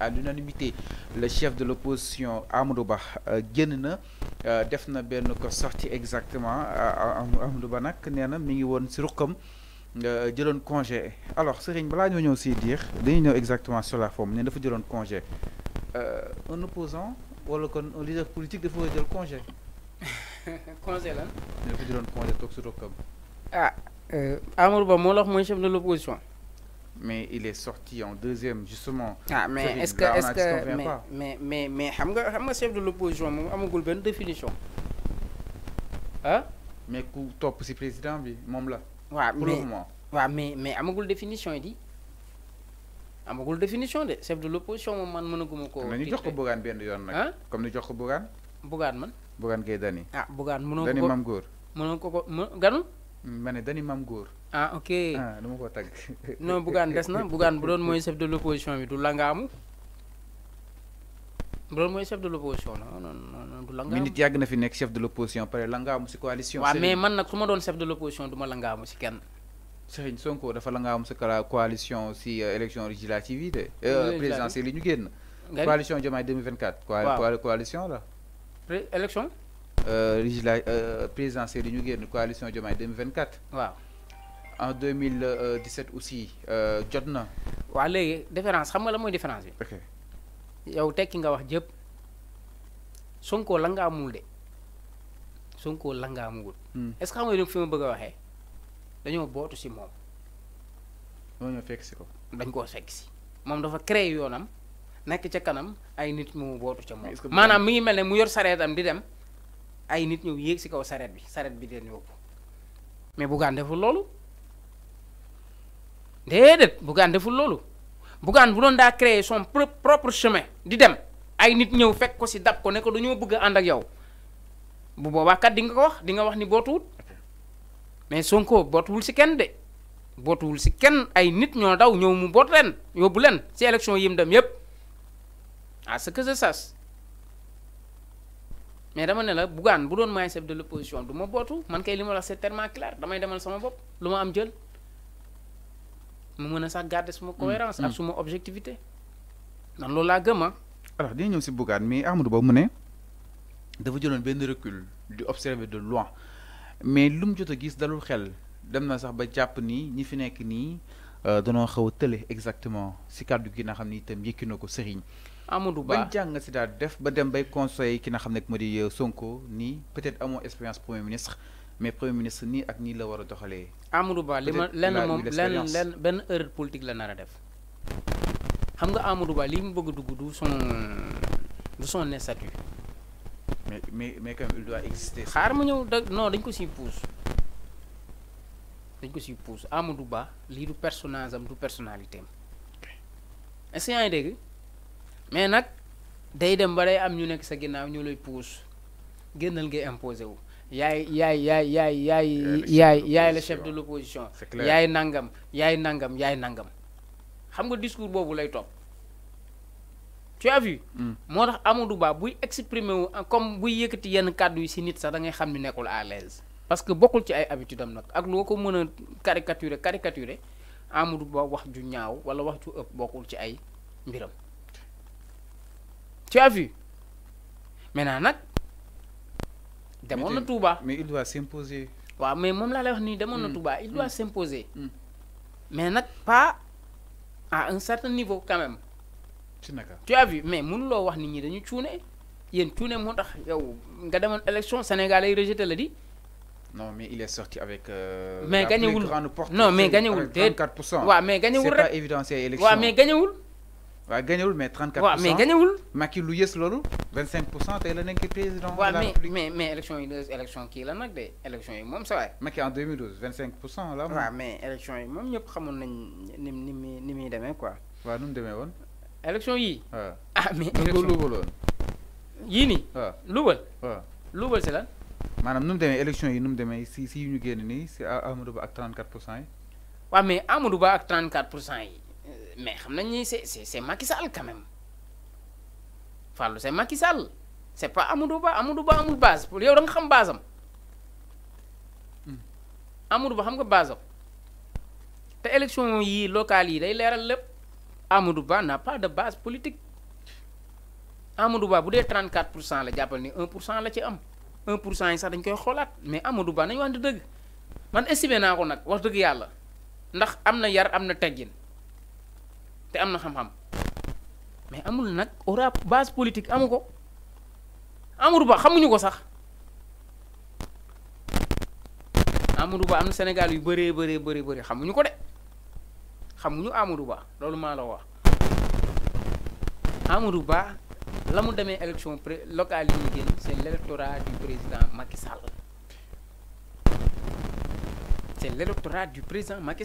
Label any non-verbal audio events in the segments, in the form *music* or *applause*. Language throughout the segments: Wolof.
à l'unanimité le chef de l'opposition Amadou Ba euh, génn euh, def na ko sorti exactement euh, Amadou Ba qu'une néna mais mi ngi won si de jëloon congé alors Serigne Bala ñoo ñow ci dire dañu ñow exactement sur la forme né dafa jëloon congé un opposant wala kon un leader politique dafa jël congé. *laughs* congé lan. dafa jëloon congé tok si ah Amadou Ba mo la wax moy chef de l'opposition mais il est sorti en deuxième justement. ah mais est-ce que est-ce que mais mais mais mais xam nga xam nga chef de l'opposition moom amagul ben définition ah. mais ku top ci président bi mom la. waaw mais pour mais mais amagul définition il dit amagul définition de chef de l'opposition mom man mënaguma koo. mais ñu jox ko Bougane ben yon nak hein? comme ni jox ko Bougane. Bougane man. Bougane Gueye dani ah Bougane mënoo dani mam gor Goor. ko ganu mané ne dañu maam ah ok ah dama ko tag *laughs* non Bougane des na Bougane bu doon mooy chef de l'opposition bi du langaamu. bu doon chef de l'opposition non non non du langaamu. minute yàgg na fi nek chef de l'opposition opposition pare langaamu coalition. wa mais man nak suma don chef de l'opposition opposition du ma langaamu si kenn. Serigne Sonko dafa langaamu si coalition ci euh, élection législative de. Euh, présidentielle yi ñu coalition jomay 2024. quoi coalition là. élection. législati euh, euh, présidentielle yi ñu génn coalition Diomaye 2024. waaw en 2017 aussi euh, jot na. waaw léegi différence xam nga la mooy différence bi. ok yow tekki nga wax jëpp Sonko la nga amul de Sonko la nga amul. Hmm. est-ce que xam nga fi ma bëgg a waxee dañoo bootu si moom. moo ñoo fekk si ko. dañ koo fekk si moom dafa créer yoonam nekk ca kanam ay nit mu bootu ca moom. maanaam mi ngi mel ne mu yor sareetam di dem. ay nit ñew yéeg ci kaw saret bi saret bi den yóbbu mais gan deful dedet bu gan deful bu gan bu don da créer son propre chemin di dem ay nit ñew fek ko ci dab ko ne ko dañu bëgg and ak yow bu boba kat di nga ko wax di nga wax ni botul, mais Sonko botul ci kenn de botul ci kenn ay nit ñoo daw ñew mu bot len yobulen ci élection yim dem yépp à ah, ce que je sache mais dama ne la Bougane bu doon maay chef de l'opposition du ma bootu man kay li ma wax c'est tellement clair damay demal sama bopp lu ma am jël mu mën a sax garder suma cohérence mm, ak mm. suma objectivité man loolu laa gëm ah alors dina ñëw si Bougane mais Amadou Ba mu ne dafa jëloon benn recul di observer de loin mais lu mu jot a gis dalul xel dem na sax ba jàpp ni ñi fi nekk nii euh, danoo xaw a tële exactement si kàddu gi nga xam ni itam yëkki na ko sëriñ Amadou Ba ne si def ba dem bay conseiller euh, peut-être expérience premier ministre mais premier ministre ni ak ni la wara a Amadou Ba politique la nara def xam Amadou Ba du son du mais mais mais il doit exister. non dañ ko ci pousse dañ ko ci pousse Amadou Ba li du personnage am personnalité mais nak day dem ba day am ñu nekk sa ginnaaw ñu lay pousse génnal ngay imposé wu yaay yaay yaay yaay yaay yaay yaay le chef de l'opposition yaay nangam yaay nangam yaay nangam xam nga discours bobu lay top tu as vu hmm. motax tax Amadou Ba buy exprimer wu comme buy yëkkati yenn kàddu yi si nit sa da ngay xam ni nekkul à l'aise parce que bokul ci ay habitude am nak ak loo ko caricaturer caricaturer Amadou Ba wax ju ñaaw wala wax ju ëpp bokul ci ay mbiram tu as vu maintenant nag demoon na mais il doit s'imposer waaw mais même là leur wax nii mm. tout bas il doit mm. s'imposer mm. mais nag pas à un certain niveau quand même. tu as vu mais mënuloo wax ni ñi dañu cuune il cuune moo tax yow nga demoon élection sénégalais rejeté la dit non mais il est sorti avec. Euh, mais porte. non mais gagné où 34 mais gagné rek c'est pas évident ces élections mais mais où waaw gañewul mais 34 waaw mais gañewul Macky lu yës 25 pour le tey la nekk président de la République mais mais élection yi élection kii la nag de élection yi moom sa waay Macky en 2012 25 là. cent la mais élection yi moom ñëpp xamoon ni, ni ni muy ni muy demee quoi waaw nu mu demee élection yii ah mais ko luubal woon yii nii waaw luubal waaw luubal si lan maanaam nu mu élection yi nu mu demee si si yu ñu génn nii si Amadou Ba ak 34 pour mais Amadou Ba ak 34 yi mais xam nañ ni c'est c'est c'est Macky Sall quand même Fallou c'est Macky pas Amadou Ba Amadou Ba amul base pour yow da xam base hmm. am Ba xam nga base te élection yii locales yi day leeral lépp Amadou Ba n'a pas de base politique Amadou Ba bu dee 34 pour cent la jàppal ni 1 pour cent la ci am 1 pour cent yi sax dañ koy xoolaat mais Amadou Ba nañu wax dëgg man estimé naa ko nag wax dëgg yàlla ndax am na yar am na teggin. te am na xam-xam mais amul nag aura base politique amu ko Amadou Ba xamuñu ko sax Amadou Ba am na Sénégal yu bëree bëree bëri bëri xamuñu ko de xamuñu Amadou Ba loolu maa la wax Amadou Ba la mu demee élection pré locale yi ñu génn c'est l'électorat du président Macky Sall c'est l'électorat du président Macky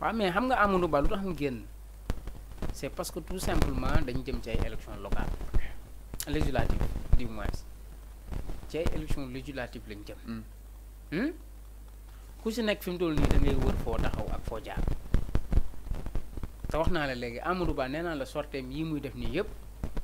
waaw mais xam nga Amadou Ba lu tax mu génn c'est parce que tout simplement dañu jëm ci ay élection locale législative du moins ci ay élection législative lañ jëm hmm. Hmm? ku si nekk fi mu toll nii da ngay wër foo taxaw ak foo jaar te wax naa la léegi Amadou Ba nee naa la sorteem yi muy def nii yëpp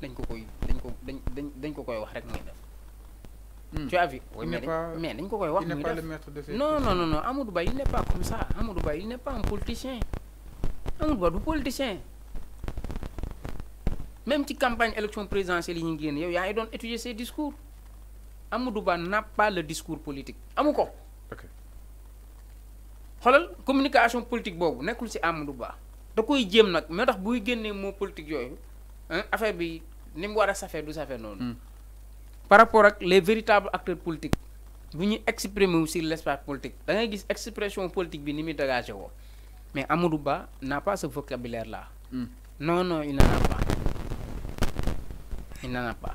dañ ko koy dañ ko dañ dañ dañ ko koy wax rek muy def Hmm. tu as vu. Oui, mais pas pas koy wax de non non non non Amadou il n'est pas comme ça Amadou il n'est pas un politicien Amadou Ba un politicien même si campagne élection présidentielle il y a yow étudier ses discours Amadou n'a pas le discours politique amu ok communication politique bobu nekul ci Amadou Ba da koy jëm un mais tax buy politiques moo politique yooyu hein, affaire bi ni wara y a safee non safee par rapport ak les véritables acteurs politiques bu ñuy exprimer si sur l' espace politique da ngay gis expression politique bi ni muy dégagé woo mais Amadou Ba n'a pas ce vocabulaire là. Hmm. non non il n'en a pas il n'en pas.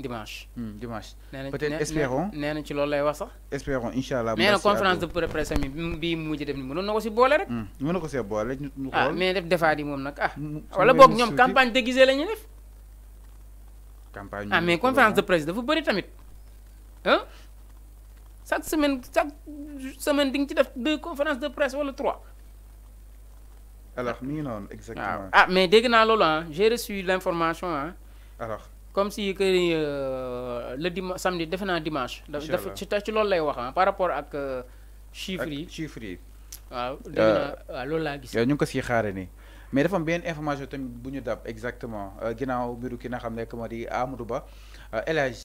dimanche. dimanche peut-être espérons. espérons conférence de presse bi def ni rek. Hmm, ah, mais ah. campagne déguisée campagne ah mais conférence de presse dafa bëri tamit hein chaque semaine chaque semaine ci deux conférences de presse wala trois. alors exactement. Ah, ah mais dégg ah. j'ai reçu l'information alors. comme si que euh, le dimanche samedi defe naa dimanche. dafa ci ci loolu lay wax ah, par rapport ak euh, chiffres yi chiffres yi. waaw defe naa euh, waaw loolu laa gis. ñu ngi ko siy xaare nii mais dafa am benn information tamit bu ñu dab exactement ginnaaw mbiru ki nga xam ne moo di Amadou Ba El